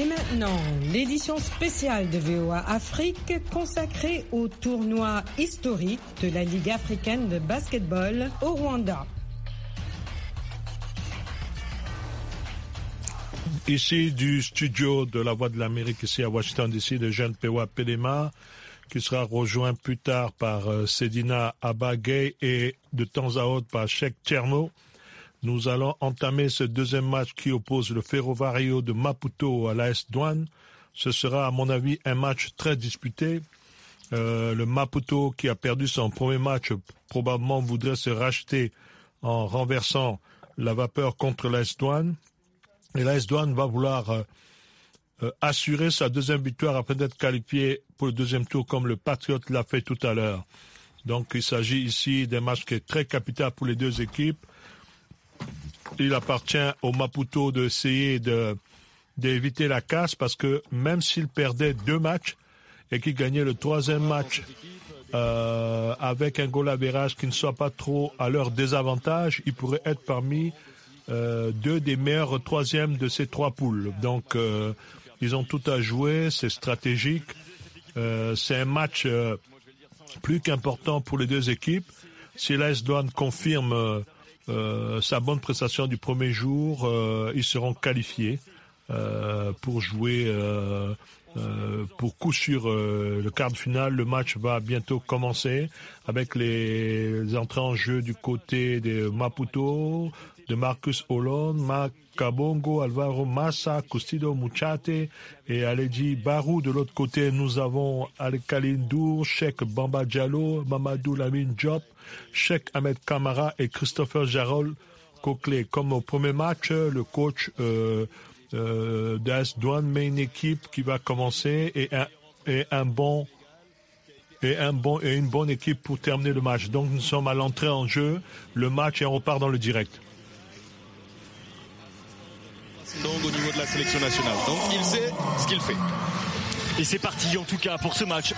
Et maintenant, l'édition spéciale de VOA Afrique consacrée au tournoi historique de la Ligue africaine de basketball au Rwanda. Ici du studio de la Voix de l'Amérique, ici à Washington, ici de Jeanne Pewa Pelema, qui sera rejoint plus tard par euh, Sedina Abagay et de temps à autre par Sheikh Tcherno. Nous allons entamer ce deuxième match qui oppose le Ferrovario de Maputo à l'AS Douane. Ce sera, à mon avis, un match très disputé. Euh, le Maputo, qui a perdu son premier match, probablement voudrait se racheter en renversant la vapeur contre l'AS Douane. Et l'AS Douane va vouloir euh, euh, assurer sa deuxième victoire après d'être qualifié pour le deuxième tour comme le Patriote l'a fait tout à l'heure. Donc il s'agit ici d'un match qui est très capital pour les deux équipes il appartient au Maputo d'essayer de, d'éviter la casse parce que même s'il perdait deux matchs et qu'il gagnait le troisième match euh, avec un goal à qui ne soit pas trop à leur désavantage, il pourrait être parmi euh, deux des meilleurs troisièmes de ces trois poules. Donc euh, ils ont tout à jouer, c'est stratégique, c'est un match plus qu'important pour les deux équipes. Si l'AS Douane confirme euh, sa bonne prestation du premier jour, euh, ils seront qualifiés euh, pour jouer pour coup sur le quart de finale. Le match va bientôt commencer avec les entrées en jeu du côté des Maputo, de Marcus Hollande, makabongo Alvaro Massa, Custido Muchate et Aledi Barou. De l'autre côté, nous avons al khalil Sheikh Bamba Diallo, Mamadou Lamine Job, Sheikh Ahmed Kamara et Christopher Jarol Coclé. Comme au premier match, le coach euh, euh, met une équipe qui va commencer et un, et un bon et, un bon, et une bonne équipe pour terminer le match. Donc nous sommes à l'entrée en jeu. Le match et on repart dans le direct donc au niveau de la sélection nationale. Donc il sait ce qu'il fait. Et c'est parti en tout cas pour ce match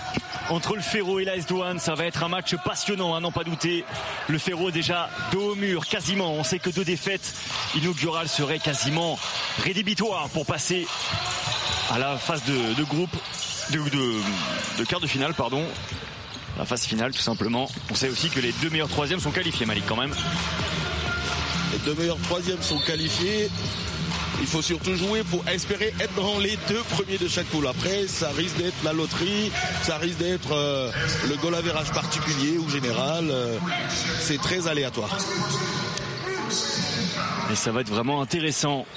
entre le Ferro et la douane Ça va être un match passionnant, à n'en pas douter. Le Ferro déjà dos au mur, quasiment. On sait que deux défaites inaugurales seraient quasiment rédhibitoires pour passer à la phase de, groupe, de, de, de, quart de finale, pardon. La phase finale, tout simplement. On sait aussi que les deux meilleurs troisièmes sont qualifiés, Malik, quand même. Les deux meilleurs troisièmes sont qualifiés. Il faut surtout jouer pour espérer être dans les deux premiers de chaque poule. Après, ça risque d'être la loterie, ça risque d'être euh, le goal average particulier ou général. Euh, c'est très aléatoire. Et ça va être vraiment intéressant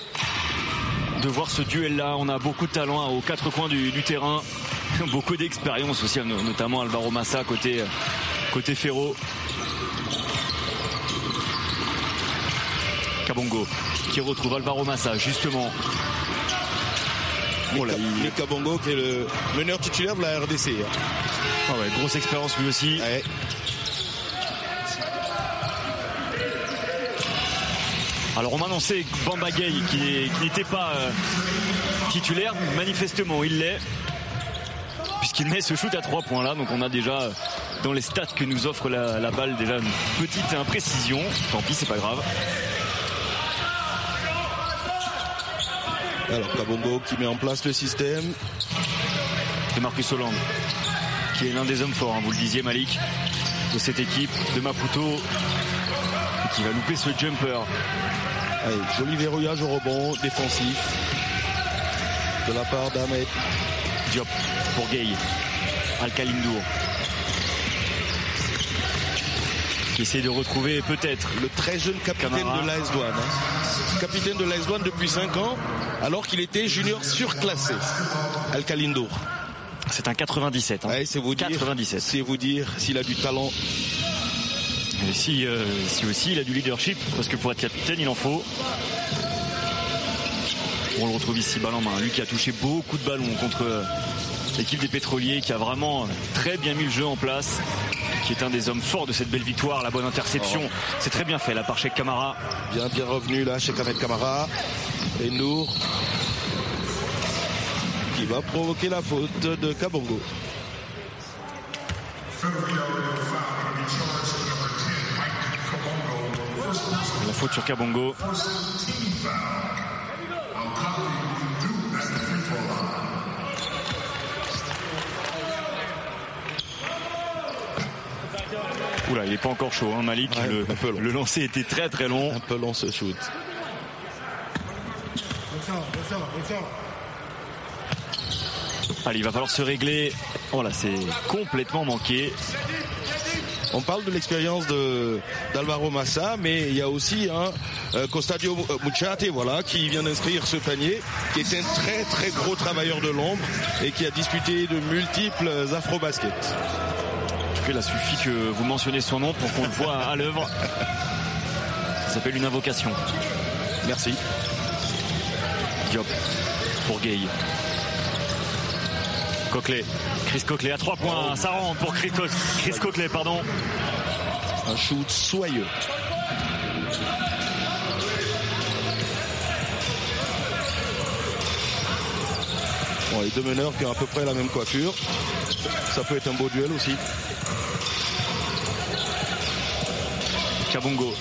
de voir ce duel-là. On a beaucoup de talent hein, aux quatre coins du, terrain. Beaucoup d'expérience aussi, hein, notamment Alvaro Massa côté, euh, côté Ferro. Kabongo qui retrouve Alvaro Massa justement. Oh là, Lucas qui est le meneur titulaire de la RDC. Hein. Ah ouais, grosse expérience lui aussi. Alors on m'a annoncé Bamba Gay qui n'était pas euh, titulaire, manifestement il l'est, puisqu'il met ce shoot à trois points là, donc on a déjà euh, dans les stats que nous offre la, la balle déjà une petite imprécision, tant pis c'est pas grave. Alors Kabongo qui met en place le système. C'est Marcus Hollande, qui est l'un des hommes forts, hein, vous le disiez Malik, de cette équipe de Maputo, qui va louper ce jumper. Allez, joli verrouillage au rebond, défensif, de la part d'Ahmed. Diop pour Gay, Alcalindour, qui essaie de retrouver peut-être le très jeune capitaine de l'AS Douane. Hein. Capitaine de l'AS Douane depuis 5 ans, alors qu'il était junior surclassé. Alcalindo C'est un 97. Hein. c'est vous dire. 97. C'est vous dire s'il a du talent. Et si, euh, si aussi il a du leadership, parce que pour être capitaine, il en faut. On le retrouve ici, balle en main. Lui qui a touché beaucoup de ballons contre euh, l'équipe des pétroliers, qui a vraiment euh, très bien mis le jeu en place, qui est un des hommes forts de cette belle victoire. La bonne interception, oh. c'est très bien fait là par Cheikh Kamara Bien, bien revenu là, Cheikh Ahmed Camara. Et Nour qui va provoquer la faute de Kabongo. La faute sur Kabongo. Oula, il n'est pas encore chaud, hein, Malik. le, le lancer était très très long. Un peu long ce shoot. Allez, il va falloir se régler. Voilà, oh c'est complètement manqué. On parle de l'expérience d'Alvaro Massa, mais il y a aussi un hein, euh, Costadio euh, Muchate, voilà, qui vient d'inscrire ce panier, qui est un très très gros travailleur de l'ombre et qui a disputé de multiples afro-baskets. En tout cas, il a suffi que vous mentionnez son nom pour qu'on le voit à l'œuvre. Ça s'appelle une invocation. Merci pour Gay. Coquelet. Chris Coquelet à trois points. Ça rentre pour Chris, Co Coquelet, pardon. Un shoot soyeux. Bon, les deux meneurs qui ont à peu près la même coiffure. Ça peut être un beau duel aussi. Kabongo.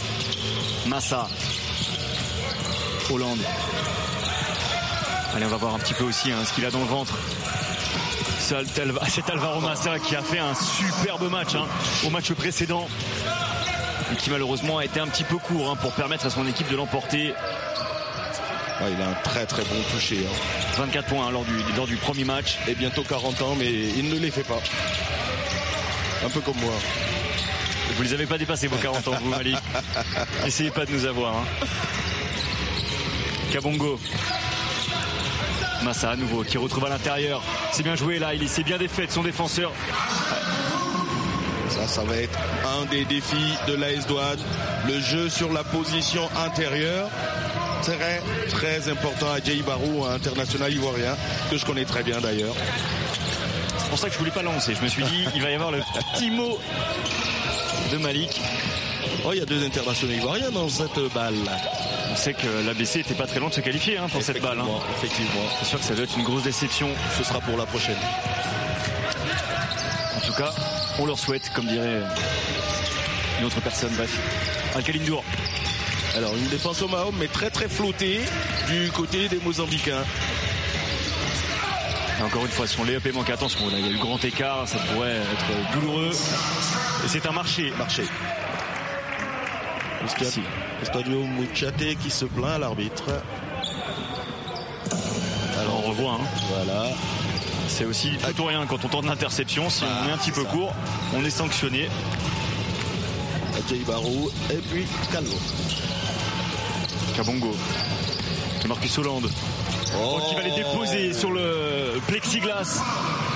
Massa. Hollande. Allez, on va voir un petit peu aussi hein, ce qu'il a dans le ventre. Ah, c'est Alvaro Massa qui a fait un superbe match hein, au match précédent et qui malheureusement a été un petit peu court hein, pour permettre à son équipe de l'emporter. il a un très très bon toucher. 24 points lors, du, du premier match. Et bientôt 40 ans, mais il ne les fait pas. Un peu comme moi. Vous ne les avez pas dépassés vos 40 ans, vous, Malik. Essayez pas de nous avoir. Kabongo Massa à nouveau qui retrouve à l'intérieur. C'est bien joué là, il s'est bien défait de son défenseur. Ça, ça va être un des défis de l'AS Douane. Le jeu sur la position intérieure. Très, très important à Jay Barou, international ivoirien, que je connais très bien d'ailleurs. C'est pour ça que je voulais pas lancer. Je me suis dit, il va y avoir le petit mot de Malik. Oh, il y a deux internationaux ivoiriens dans cette balle. On sait que l'ABC n'était pas très loin de se qualifier hein, pour cette balle. Hein. Effectivement. C'est sûr que ça doit être une grosse déception. Ce sera pour la prochaine. En tout cas, on leur souhaite, comme dirait une autre personne. Bref, Un Dour. Alors une défense au Mahom mais très très flottée du côté des Mozambicains. encore une fois, si on les manque à temps, il qu'on a eu grand écart, ça pourrait être douloureux. Et c'est un marché. Marché. Estadio ah, Muchate qui se plaint à l'arbitre. Alors on revoit. Hein. Voilà. C'est aussi tout rien quand on tente l'interception. Si on bah, est un petit peu court, on est sanctionné. Akei Barou et puis Calvo. Kabongo. Marcus Hollande. Oh. Oh, qui va les déposer sur le plexiglas.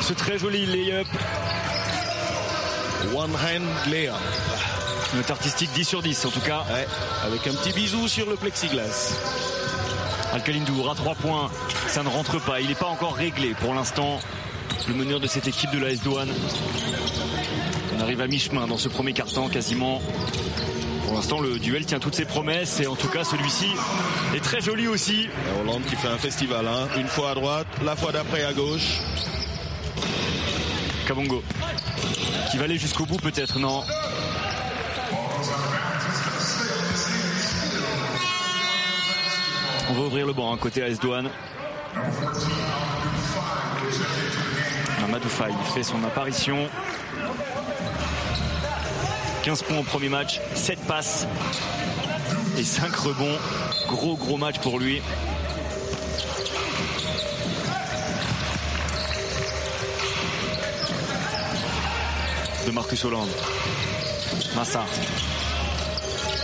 Ce très joli lay-up. One hand layup. Note artistique 10 sur 10 en tout cas. avec un petit bisou sur le plexiglas. Alcalindour à 3 points, ça ne rentre pas. Il n'est pas encore réglé pour l'instant, le meneur de cette équipe de la S-Douane. On arrive à mi-chemin dans ce premier quart-temps quasiment. Pour l'instant, le duel tient toutes ses promesses et en tout cas, celui-ci est très joli aussi. Hollande qui fait un festival, hein. une fois à droite, la fois d'après à gauche. Kabongo qui va aller jusqu'au bout peut-être, non on va ouvrir le banc à hein, côté AS Douane. Amadou fait son apparition. 15 points au premier match, 7 passes et 5 rebonds. Gros gros match pour lui. De Marcus Hollande. Massa.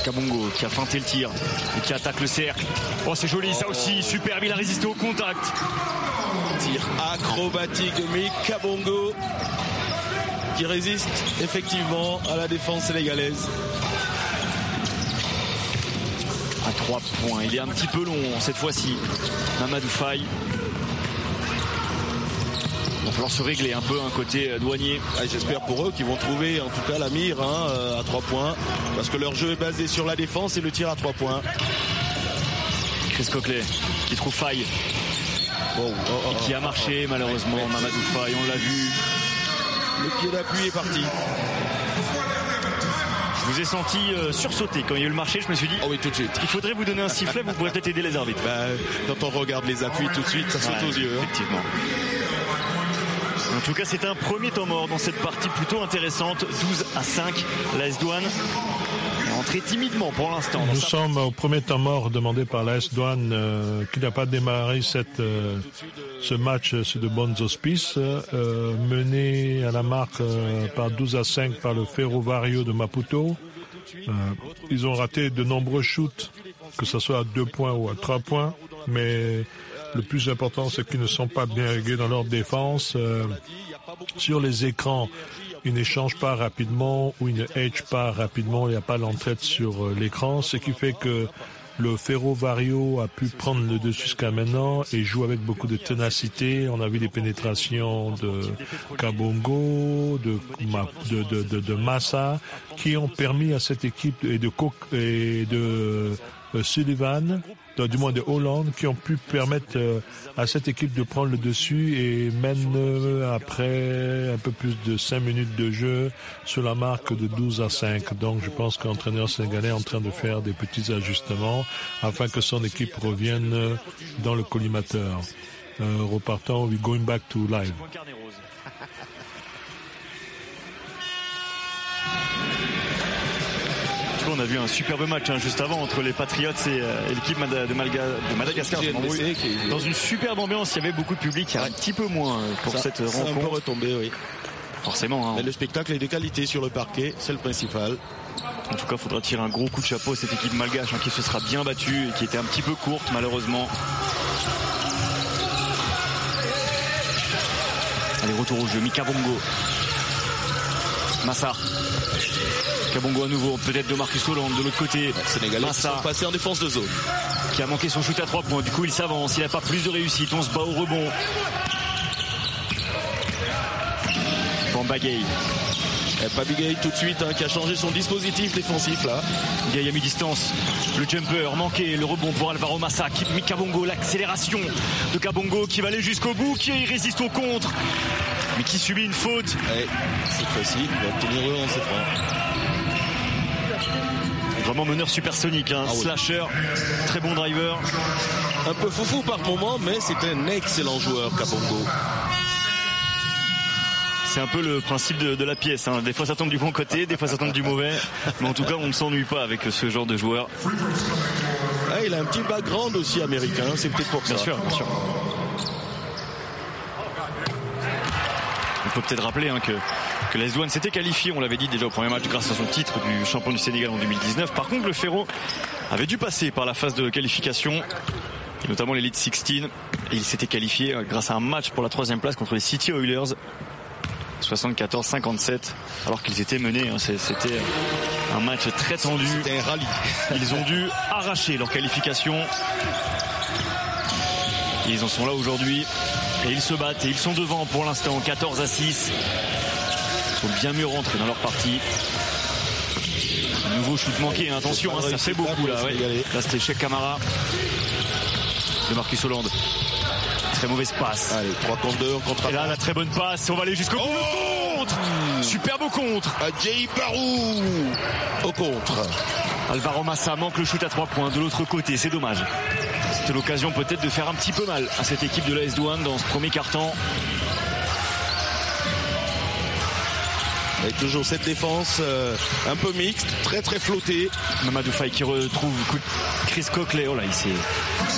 Kabongo qui a feinté le tir et qui attaque le cercle. Oh c'est joli ça aussi, superbe, il a résisté au contact. Tir acrobatique de Kabongo qui résiste effectivement à la défense sénégalaise. À 3 points, il est un petit peu long cette fois-ci. Mamadou Faye il va falloir se régler un peu un côté euh, douanier. Ah, j'espère pour eux qu'ils vont trouver en tout cas la mire hein, euh, à trois points. Parce que leur jeu est basé sur la défense et le tir à trois points. Chris Coquelet qui trouve faille. Oh, oh, oh, qui a marché malheureusement Mamadou Faille on l'a vu. Le pied d'appui est parti. Je vous ai senti euh, sursauter quand il y a eu le marché. Je me suis dit, oh oui, tout de suite. Il faudrait vous donner un sifflet, vous pourrez peut-être aider les arbitres. Bah, quand on regarde les appuis tout de suite, ça saute aux yeux. Hein. Effectivement. En tout cas, c'est un premier temps mort dans cette partie plutôt intéressante. 12 à 5, la S-Douane entrée timidement pour l'instant. Nous sommes au premier temps mort demandé par la S-Douane euh, qui n'a pas démarré cette, euh, ce match de bons auspices. Euh, mené à la marque par 12 à 5 par le Ferrovario de Maputo. ils ont raté de nombreux shoots, que ce soit à 2 points ou à 3 points, mais le plus important, c'est qu'ils ne sont pas bien réglés dans leur défense. Euh, sur les écrans, ils n'échangent pas rapidement ou ils ne hedge pas rapidement. Il n'y a pas l'entraide sur euh, l'écran, ce qui fait que le Ferrovario a pu prendre le dessus jusqu'à maintenant et joue avec beaucoup de ténacité. On a vu des pénétrations de Kabongo, de, de, Massa, qui ont permis à cette équipe et de, et de euh, Sullivan, du moins de Hollande, qui ont pu permettre euh, à cette équipe de prendre le dessus et mène euh, après un peu plus de 5 minutes de jeu sur la marque de 12 à 5. Donc je pense qu'entraîneur l'entraîneur sénégalais est en train de faire des petits ajustements afin que son équipe revienne dans le collimateur. repartant, we going back to live. on a vu un superbe match hein, juste avant entre les Patriots et, euh, l'équipe de, Madagascar. dans une superbe ambiance, il y avait beaucoup de public, il y a un petit peu moins hein, pour cette rencontre. Un peu retombé, oui. Forcément. Hein. le spectacle est de qualité sur le parquet, c'est le principal. En tout cas, il faudra tirer un gros coup de chapeau à cette équipe malgache qui se sera bien battue et qui était un petit peu courte malheureusement. Allez, retour au jeu, Mika Bongo Massa Kabongo à nouveau, peut-être de Marcus Hollande de l'autre côté. Sénégalais Massar. en défense de zone. Qui a manqué son shoot à 3 points. Du coup, il s'avance. Il n'a pas plus de réussite. On se bat au rebond. Eh, pas Pabigay tout de suite hein, qui a changé son dispositif défensif là. Gay à mi-distance, le jumper manqué, le rebond pour Alvaro Massa, qui Kabongo, l'accélération de Kabongo qui va aller jusqu'au bout, qui résiste au contre, mais qui subit une faute. Eh, facile il va Vraiment meneur supersonique, hein. ah slasher, très bon driver. Un peu foufou par moment, mais c'est un excellent joueur, Capongo C'est un peu le principe de, la pièce. Hein. Des fois ça tombe du bon côté, des fois ça tombe du mauvais. Mais en tout cas, on ne s'ennuie pas avec ce genre de joueur. Ah, il a un petit background aussi américain, hein. c'est peut-être pour ça. Bien sûr, bien sûr. On peut peut-être rappeler que les Douane s'était qualifié, on l'avait dit déjà au premier match, grâce à son titre du champion du Sénégal en 2019. Par contre, le Ferro avait dû passer par la phase de qualification notamment l'élite 16 et il s'était qualifié euh, grâce à un match pour la troisième place contre les City Oilers 74-57 alors qu'ils étaient menés. Hein. C'était euh, un match très tendu. un rallye. Ils ont dû arracher leur qualification. Ils en sont là aujourd'hui et ils se battent et ils sont devant pour l'instant 14 à 6 bien mieux rentrer dans leur partie. Nouveau shoot manqué, hein, attention, hein, ça fait beaucoup là. Ouais. Là c'était chez Camara de Marcus Hollande. Très mauvaise passe. Allez, 3 contre 2, contre Et là, la très bonne passe, on va aller jusqu'au oh contre Superbe au contre à Jay Barou Au contre Alvaro Massa manque le shoot à 3 points de l'autre côté, c'est dommage. C'était l'occasion peut-être de faire un petit peu mal à cette équipe de la S-Douane dans ce premier quart-temps. Et toujours cette défense euh, un peu mixte, très très flottée. Mamadou Faye qui retrouve Chris Coquelet. Oh là, il s'est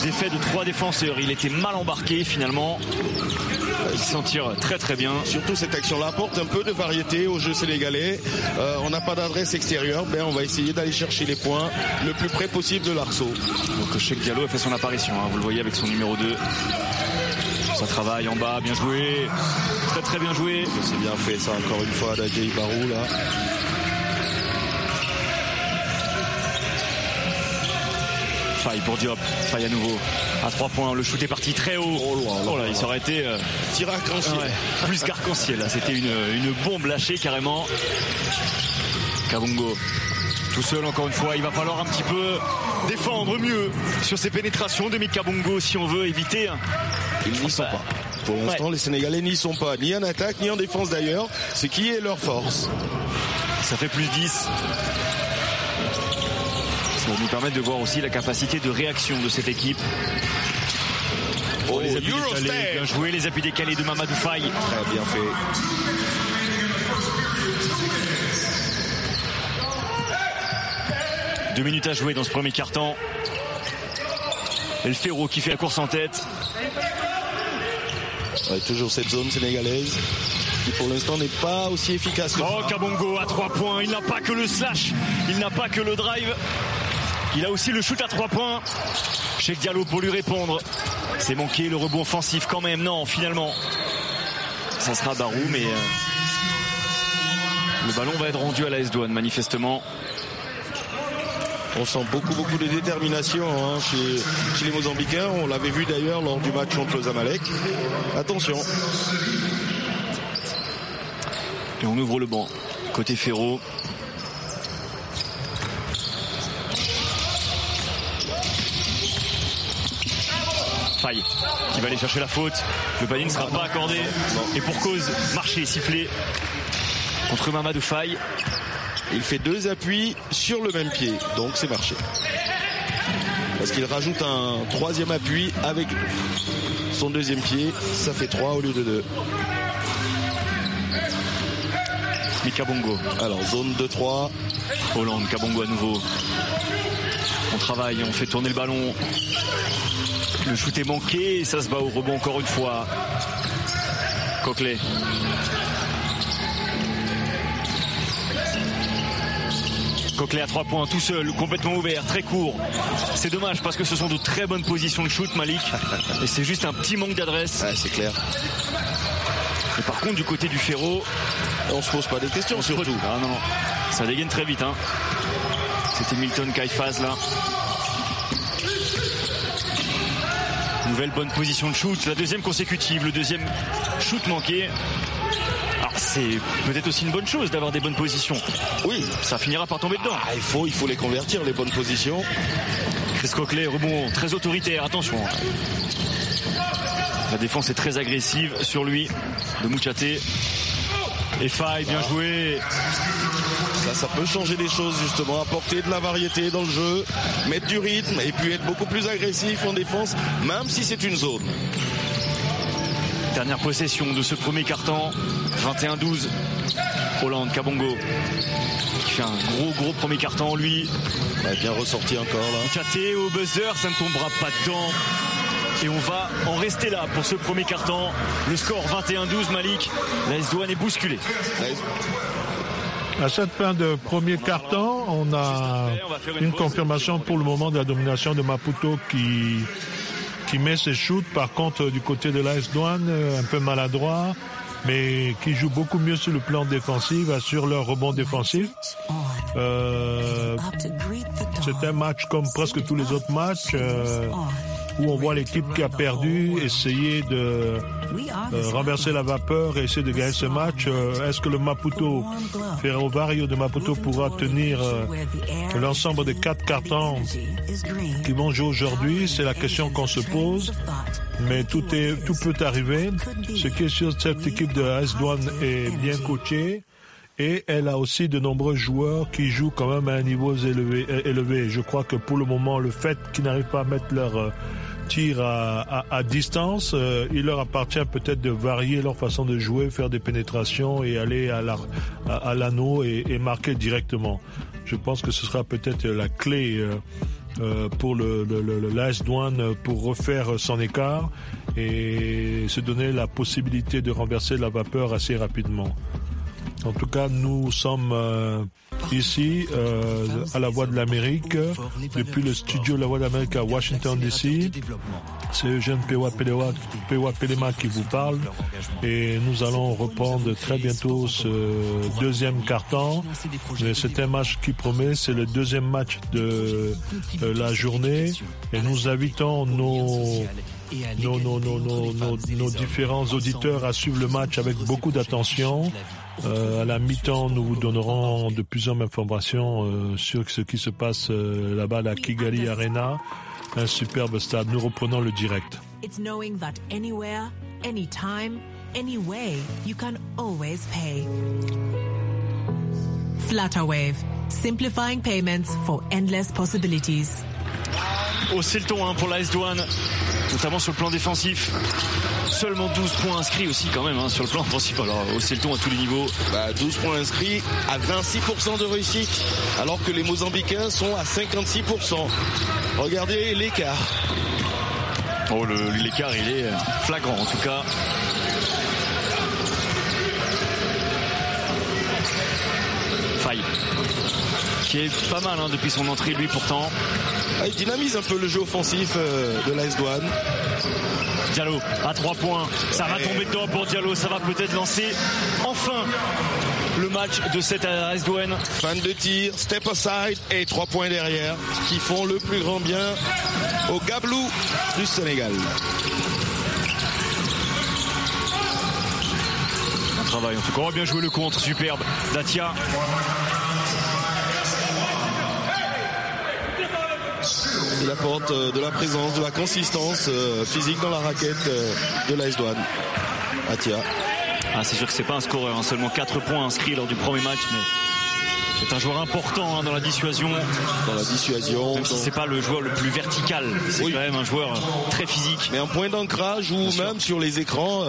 défait de trois défenseurs. Il était mal embarqué finalement. Il s'en tire très très bien. Surtout cette action-là apporte un peu de variété au jeu sénégalais. Euh, on n'a pas d'adresse extérieure, ben on va essayer d'aller chercher les points le plus près possible de l'arceau. Donc Cheikh Diallo a fait son apparition, hein. vous le voyez avec son numéro 2. Ça travaille en bas, bien joué. Très très bien joué. C'est bien fait ça encore une fois, la vieille là. faille pour Diop, faille à nouveau. À 3 points, le shoot est parti très haut. Oh, oh là, il aurait été euh... plus qu'arc-en-ciel, c'était une, bombe lâchée carrément. Kabongo tout seul encore une fois, il va falloir un petit peu défendre mieux sur ses pénétrations de Kabongo si on veut éviter ils n'y sont pas. Pour l'instant, les Sénégalais n'y sont pas, ni en attaque, ni en défense d'ailleurs. ce qui est leur force. Ça fait plus 10 ça va nous permettre de voir aussi la capacité de réaction de cette équipe. Oh, les appuis décalés, bien joué, les appuis décalés de Mamadou Faye. Très bien fait. Deux minutes à jouer dans ce premier quart-temps. El Ferro qui fait la course en tête toujours cette zone sénégalaise qui pour l'instant n'est pas aussi efficace que Oh, Kabongo à 3 points. Il n'a pas que le slash, il n'a pas que le drive. Il a aussi le shoot à 3 points. Cheikh Diallo pour lui répondre. C'est manqué le rebond offensif quand même. Non, finalement. Ça sera Barou, mais. Euh, le ballon va être rendu à la S-Douane, manifestement. On sent beaucoup, beaucoup de détermination hein, chez, les Mozambicains. On l'avait vu d'ailleurs lors du match contre le Zamalek. Attention. Et on ouvre le banc. Côté Ferro. Faille qui va aller chercher la faute. Le panier ne sera pas accordé. Et pour cause, marché sifflé contre Mamadou Faille. Il fait deux appuis sur le même pied, donc c'est marché. Parce qu'il rajoute un troisième appui avec son deuxième pied, ça fait trois au lieu de deux. Mika Bongo. Alors zone 2-3. Hollande, Kabongo à nouveau. On travaille, on fait tourner le ballon. Le shoot est manqué et ça se bat au rebond encore une fois. Coquelet. Coquelet à 3 points tout seul, complètement ouvert, très court. C'est dommage parce que ce sont de très bonnes positions de shoot, Malik. Et c'est juste un petit manque d'adresse. Ouais, c'est clair. Et par contre, du côté du Ferro, on se pose pas des questions surtout. Pose... Ah non, Ça dégaine très vite. Hein. C'était Milton Kaifaz là. Nouvelle bonne position de shoot, la deuxième consécutive, le deuxième shoot manqué c'est peut-être aussi une bonne chose d'avoir des bonnes positions. Oui. Ça finira par tomber dedans. Ah, il faut, il faut les convertir, les bonnes positions. Chris Coquelet, rebond très autoritaire, attention. La défense est très agressive sur lui de Mouchaté. Et Faye, bien joué. Ça, ça peut changer des choses justement, apporter de la variété dans le jeu, mettre du rythme et puis être beaucoup plus agressif en défense, même si c'est une zone. Dernière possession de ce premier carton. 21-12. Hollande, Kabongo. Qui fait un gros gros premier carton lui. a bien ressorti encore là. chaté au buzzer, ça ne tombera pas dedans. Et on va en rester là pour ce premier carton. Le score 21-12 Malik. La S-Douane est bousculée. À cette fin de premier carton, on a une confirmation pour le moment de la domination de Maputo qui qui met ses shoots. Par contre, euh, du côté de l'AS Douane, euh, un peu maladroit, mais qui joue beaucoup mieux sur le plan défensif, assure leur rebond défensif. Euh, c'est un match comme presque tous les autres matchs où on voit l'équipe qui a perdu essayer de euh, renverser la vapeur et essayer de gagner ce match. Euh, est-ce que le Maputo, Ferrovario de Maputo pourra tenir euh, l'ensemble des quatre cartons qui vont jouer aujourd'hui C'est la question qu'on se pose. Mais tout, est, tout peut arriver. Ce qui est sûr, cette équipe de S-Douane est bien coachée et elle a aussi de nombreux joueurs qui jouent quand même à un niveau élevé. Euh, élevé. Je crois que pour le moment, le fait qu'ils n'arrivent pas à mettre leur euh, tir à, distance, euh, il leur appartient peut-être de varier leur façon de jouer, faire des pénétrations et aller à l'anneau à, l'anneau et, et, marquer directement. Je pense que ce sera peut-être la clé. pour le, le, le l'AS Douane pour refaire son écart et se donner la possibilité de renverser la vapeur assez rapidement. En tout cas, nous sommes euh, ici euh, à la Voix de l'Amérique, depuis le studio La Voix de l'Amérique à Washington DC. C'est Eugène Pewa Pelema qui vous parle et nous allons reprendre très bientôt ce deuxième carton. C'est un match qui promet, c'est le deuxième match de euh, la journée et nous invitons nos nos, nos, différents auditeurs à suivre le match avec beaucoup d'attention. Euh, à la mi-temps, nous vous donnerons de plus en plus d'informations euh, sur ce qui se passe euh, là-bas à la Kigali Arena. Un superbe stade. Nous reprenons le direct. pour notamment sur le plan défensif. Seulement 12 points inscrits aussi quand même hein, sur le plan offensif. Alors au euh, le ton à tous les niveaux. 12 bah, points inscrits à 26% de réussite, alors que les Mozambicains sont à 56%. Regardez l'écart. Oh, l'écart il est euh, flagrant en tout cas. pas mal hein, depuis son entrée lui pourtant. Ah, il dynamise un peu le jeu offensif euh, de l'AS Douane. Diallo à trois points, ça va tomber dedans pour Diallo, ça va peut-être lancer enfin le match de cette AS euh, Douane. Fin de tir, step aside et trois points derrière qui font le plus grand bien au Gablou du Sénégal. travail en tout cas, on bien joué le contre, superbe. Datia Il apporte euh, de la présence, de la consistance euh, physique dans la raquette euh, de l'AS Douane. Ah, c'est sûr que c'est pas un scoreur, hein. seulement 4 points inscrits lors du premier match, mais c'est un joueur important hein, dans la dissuasion. Dans la dissuasion. Même si c'est pas le joueur le plus vertical, c'est quand même un joueur très physique. Mais un point d'ancrage ou même sur les écrans,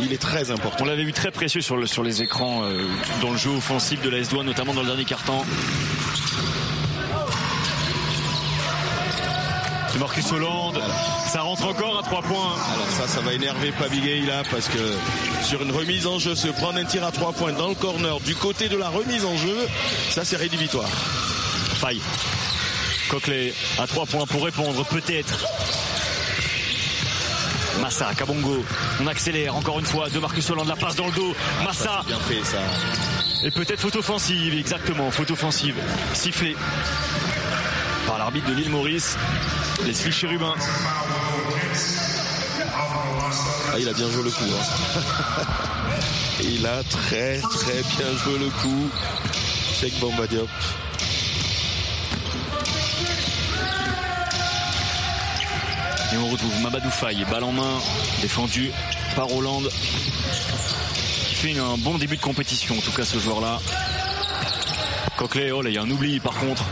il est très important. On l'avait vu très précieux sur, les écrans dans le jeu offensif de la S-Douane, notamment dans le dernier quart-temps. Marcus Hollande. Ça rentre encore à 3 points. Hein. Alors ça, ça va énerver Pabigay là parce que sur une remise en jeu, se prendre un tir à 3 points dans le corner du côté de la remise en jeu, ça c'est rédhibitoire. Faille. Coquelet à 3 points pour répondre peut-être. Massa, Kabongo, on accélère encore une fois de Marcus Hollande, la passe dans le dos, Massa. bien fait, ça. Et peut-être faute offensive, exactement, faute offensive, sifflée par l'arbitre de lille Maurice les chérubins Ah, il a bien joué le coup. Hein. il a très très bien joué le coup. Check Bombadiop. Et on retrouve Mabadou Faye, balle en main, défendu par Hollande. Qui fait un bon début de compétition, en tout cas ce joueur-là. Coquelet, oh là, il y a un oubli par contre.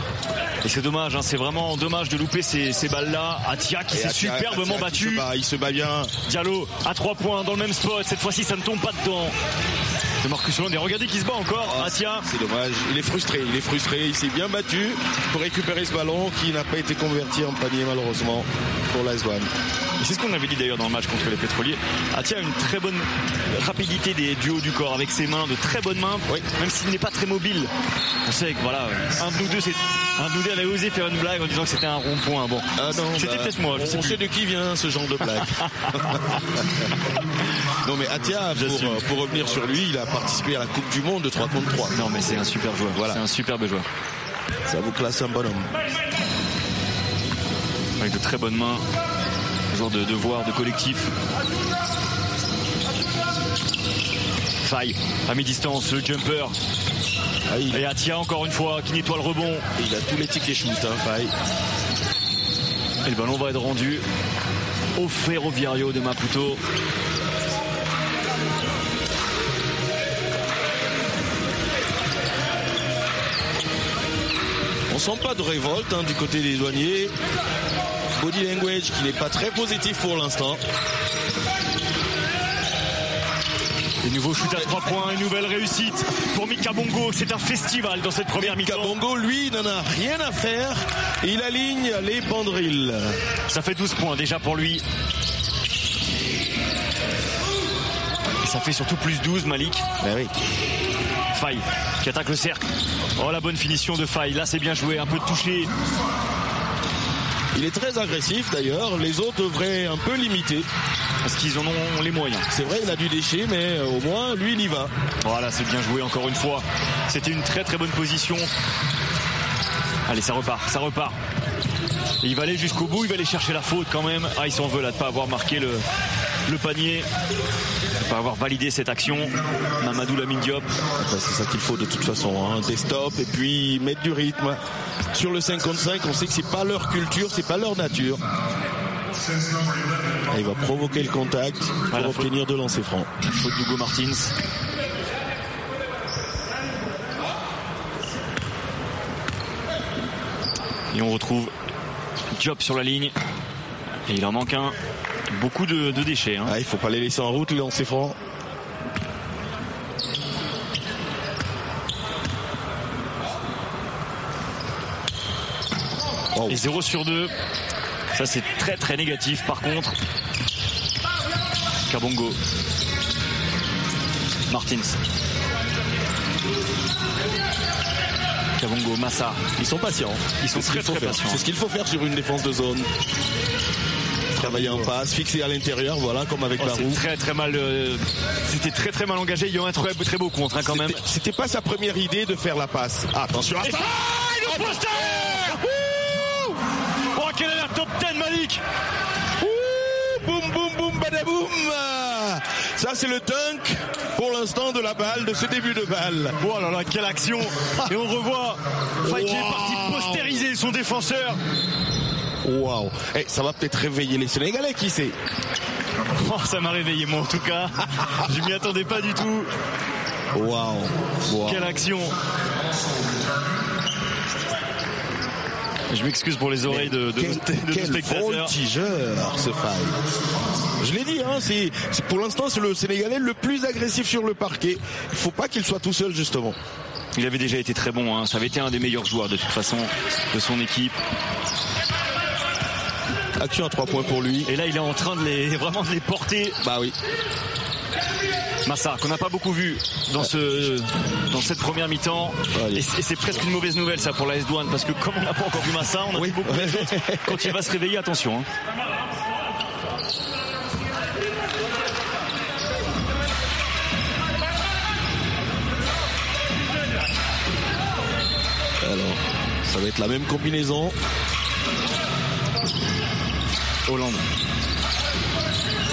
Et c'est dommage, hein, c'est vraiment dommage de louper ces, balles-là. Atia qui s'est superbement battu. il se bat bien. Diallo à trois points dans le même spot. Cette fois-ci, ça ne tombe pas dedans. C'est Marcus regardez qui se bat encore. Ah, Atia. C'est dommage. Il est frustré. Il est frustré. Il s'est bien battu pour récupérer ce ballon qui n'a pas été converti en panier malheureusement pour l'Aswan. C'est ce qu'on avait dit d'ailleurs dans le match contre les pétroliers. Atia ah, a une très bonne rapidité des duos du corps avec ses mains, de très bonnes mains, même s'il n'est pas très mobile. On sait que voilà, un de deux, c'est un avait osé faire une blague en disant que c'était un rond-point. Bon, ah c'était bah, peut-être moi. on sait de qui vient ce genre de blague. non mais Atia, pour, pour, revenir sur lui, il a participé à la Coupe du Monde de 3 contre 3. Non mais c'est un super joueur. Voilà. C'est un superbe joueur. Ça vous classe un bonhomme. Avec de très bonnes mains, genre de devoir, de collectif. Faille, à mi-distance, le jumper. Ah et à Et encore une fois qui nettoie le rebond. il a tous les tickets shoot, hein, Faille. Et le ballon va être rendu au Ferroviario de Maputo. On sent pas de révolte hein, du côté des douaniers body language qui n'est pas très positif pour l'instant. Et nouveau shoot à 3 points, une nouvelle réussite pour Mika Bongo. C'est un festival dans cette première mi-temps. Mika Bongo, lui, n'en a rien à faire. Il aligne les pendrilles Ça fait 12 points déjà pour lui. ça fait surtout plus 12, Malik. Ben oui. Faille qui attaque le cercle. Oh, la bonne finition de Faille. Là, c'est bien joué. Un peu touché il est très agressif d'ailleurs. Les autres devraient un peu limiter. Parce qu'ils en ont les moyens. C'est vrai, il a du déchet, mais euh, au moins, lui, il y va. Voilà, c'est bien joué encore une fois. C'était une très très bonne position. Allez, ça repart, ça repart. il va aller jusqu'au bout, il va aller chercher la faute quand même. Ah, il s'en veut là de pas avoir marqué le panier. Va avoir validé cette action, Mamadou Lamine Diop. c'est ça qu'il faut de toute façon, hein. des stops et puis mettre du rythme. Sur le 55, on sait que c'est pas leur culture, c'est pas leur nature. il va provoquer le contact pour obtenir de lancer franc. faut Martins. Et on retrouve Diop sur la ligne. Et il en manque un. Beaucoup de, déchets. il hein. ne ah, il faut pas les laisser en route, les lancers francs. Et 0 sur 2. Ça, c'est très très négatif. Par contre, Kabongo. Martins. Kabongo, Massa. Ils sont patients. Ils sont très, très patients. C'est ce hein. qu'il faut faire sur une défense de zone en passe, fixé à l'intérieur, voilà, comme avec oh, la roue. Très très mal. Euh, c'était très très mal engagé. Il y a un très, très beau contre hein, quand même. C'était pas sa première idée de faire la passe. attention. Ah, le poster Oh quelle est la top 10 Malik Boum boum boum badaboum ça, c'est le tank pour l'instant de la balle, de ce début de balle. Oh là là, quelle action Et on revoit Fight parti postériser son défenseur. Waouh Et eh, ça va peut-être réveiller les Sénégalais, qui sait oh, Ça m'a réveillé moi en tout cas. Je m'y attendais pas du tout. Waouh Quelle action je m'excuse pour les oreilles de, de, spectateurs ce Je l'ai dit, hein, c'est pour l'instant c'est le Sénégalais le plus agressif sur le parquet. Il ne faut pas qu'il soit tout seul justement. Il avait déjà été très bon, hein. ça avait été un des meilleurs joueurs de toute façon de son équipe. Action à 3 points pour lui. Et là, il est en train de les, vraiment de les porter. Bah oui. Massa, qu'on n'a pas beaucoup vu dans ce dans cette première mi-temps. Et c'est presque une mauvaise nouvelle ça pour la S-Douane parce que comme on n'a pas encore vu Massa, on a vu beaucoup de Quand il va se réveiller, attention. Hein. Alors, ça va être la même combinaison. Hollande.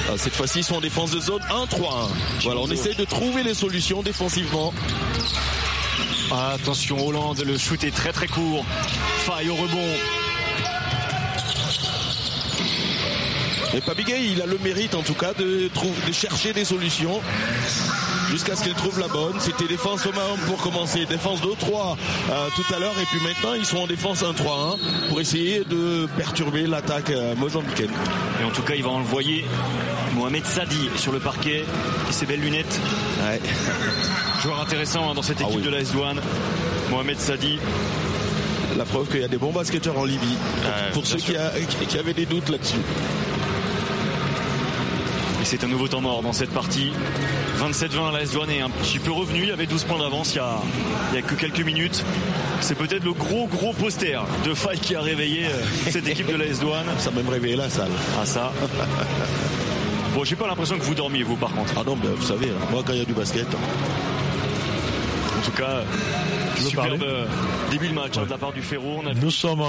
Ah, cette fois-ci, ils sont en défense de zone 1-3-1. Voilà, on essaie de trouver les solutions défensivement. Ah, attention, Hollande, le shoot est très très court. Faille au rebond. Et Pabigay, il a le mérite en tout cas de, de chercher des solutions jusqu'à ce qu'ils trouvent la bonne. C'était défense au main pour commencer, défense 2-3 euh, tout à l'heure et puis maintenant ils sont en défense 1-3-1 pour essayer de perturber l'attaque euh, mozambicaine. Et en tout cas, il va envoyer Mohamed Sadi sur le parquet et ses belles lunettes. Ouais. Joueur intéressant hein, dans cette ah équipe de la S-Douane. Mohamed Sadi, la preuve qu'il y a des bons basketteurs en Libye. pour ceux qui, avaient des doutes là-dessus. Et c'est un nouveau temps mort dans cette partie. 27-20, s Douane hein. est un petit peu revenu. Il y avait 12 points d'avance il, n'y y a, que quelques minutes. C'est peut-être le gros, gros poster de faille qui a réveillé euh, cette équipe de s Douane. Ça m'a même réveillé la salle. Ah, ça. Bon, j'ai pas l'impression que vous dormiez, vous, par contre. Ah non, mais ben, vous savez, hein. moi, quand il y a du basket, en tout cas, début de match hein, de la part du Ferro. nous sommes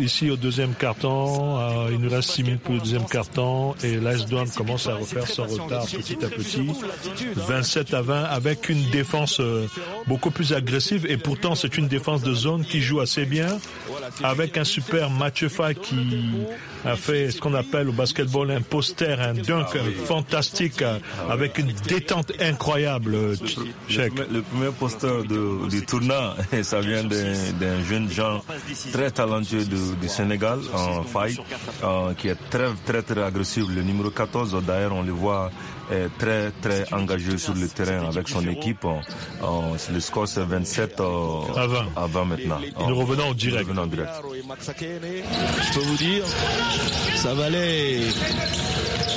ici au deuxième carton. Euh, il nous reste 6 minutes pour le deuxième carton et l'AS Douane commence à refaire son retard petit à petit. 27 hein. à 20 avec une défense euh, beaucoup plus agressive et pourtant c'est une défense de zone qui joue assez bien avec un super match qui a fait ce qu'on appelle au basketball un poster, un dunk ah fantastique ah avec une détente incroyable. Le premier poster du tournant, ça vient d'un jeune Jean très talentueux du, Sénégal en fight, qui est très très très agressif. Le numéro 14, d'ailleurs, on le voit est très très engagé sur le terrain avec son équipe. le score c'est 27 euh, à 20. maintenant. Nous revenons en direct. direct. Je peux vous dire, ça valait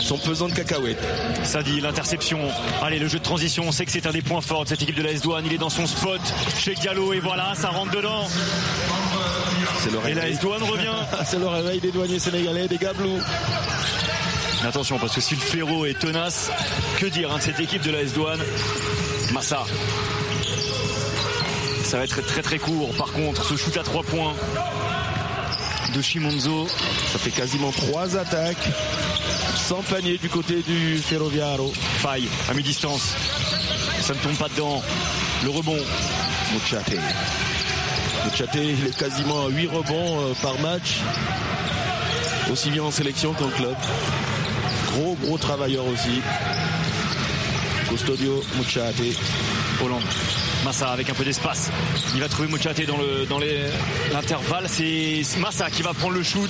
son pesant de cacahuète Ça dit l'interception. Allez, le jeu de transition, on sait que c'est un des points forts de cette équipe de la S-Douane. Il est dans son spot chez Diallo et voilà, ça rentre dedans. Le et la S-Douane revient. c'est le réveil des douaniers sénégalais, des gablous attention, parce que si le Ferro est tenace, que dire hein, de cette équipe de la S-Douane Massa. Ça va être très très court. Par contre, ce shoot à 3 points de Shimonzo. Ça fait quasiment 3 attaques. Sans panier du côté du Ferroviaro. Faille à mi-distance. Ça ne tombe pas dedans. Le rebond. Mouchate. Mouchate, il est quasiment à 8 rebonds euh, par match. Aussi bien en sélection qu'en club. Gros, gros travailleur aussi. Custodio Muchate. Hollande. Massa avec un peu d'espace. Il va trouver Muchate dans l'intervalle. Dans C'est Massa qui va prendre le shoot.